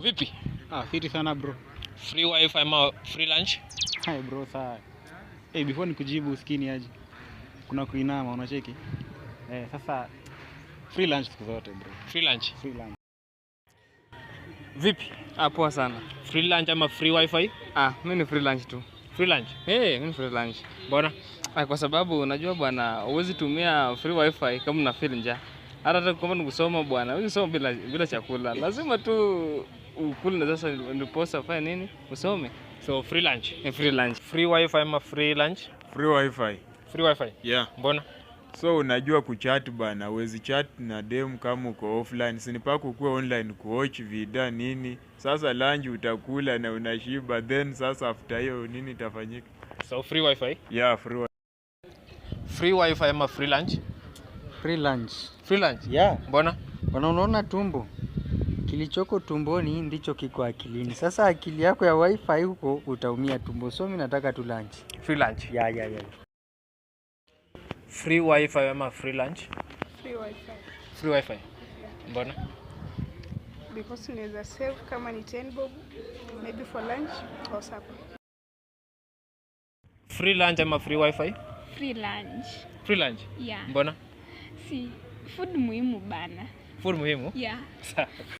Vipi? Ah, fiti sana bro. Free wifi ama free lunch? Hai bro, saa. Hey, before ni kujibu skini aje. Kuna kuinama unacheki? Eh, sasa free lunch siku zote bro. Free lunch. Free lunch. Vipi? Ah, poa sana. Free lunch ama free wifi? Ah, mimi ni free lunch tu. Free lunch? hey, eh, mimi ni free lunch. Mbona? Ah, kwa sababu unajua bwana, huwezi tumia free wifi kama una feel njaa. Hata kama ni kusoma bwana, huwezi soma bila bila chakula. Lazima tu ukule na sasa ndiposa fanya nini usome. So free lunch. Yeah, free lunch. Free wifi ama free lunch? Free wifi. Free wifi? Yeah. Mbona? So unajua kuchat bana, huwezi chat na dem kama uko offline. si Sinipa kukuwa online kuwatch vida nini. Sasa lunch utakula na unashiba, then sasa after hiyo nini itafanyika? So free wifi? Yeah, free wifi. Free wifi ama free lunch? Free lunch. Free lunch? Yeah. Mbona? Bana, unaona tumbo kilichoko tumboni ndicho kiko akilini. Sasa akili yako ya wifi huko utaumia tumbo. So mimi nataka tu lunch. Free lunch. Ya ya ya. Free wifi ama free lunch? Free wifi. Free wifi. Yeah. Mbona? Because unaweza save kama ni 10 bob maybe for lunch or supper. Free lunch ama free wifi? Free lunch. Free lunch? Yeah. Mbona? Si food muhimu bana. Food muhimu? Yeah.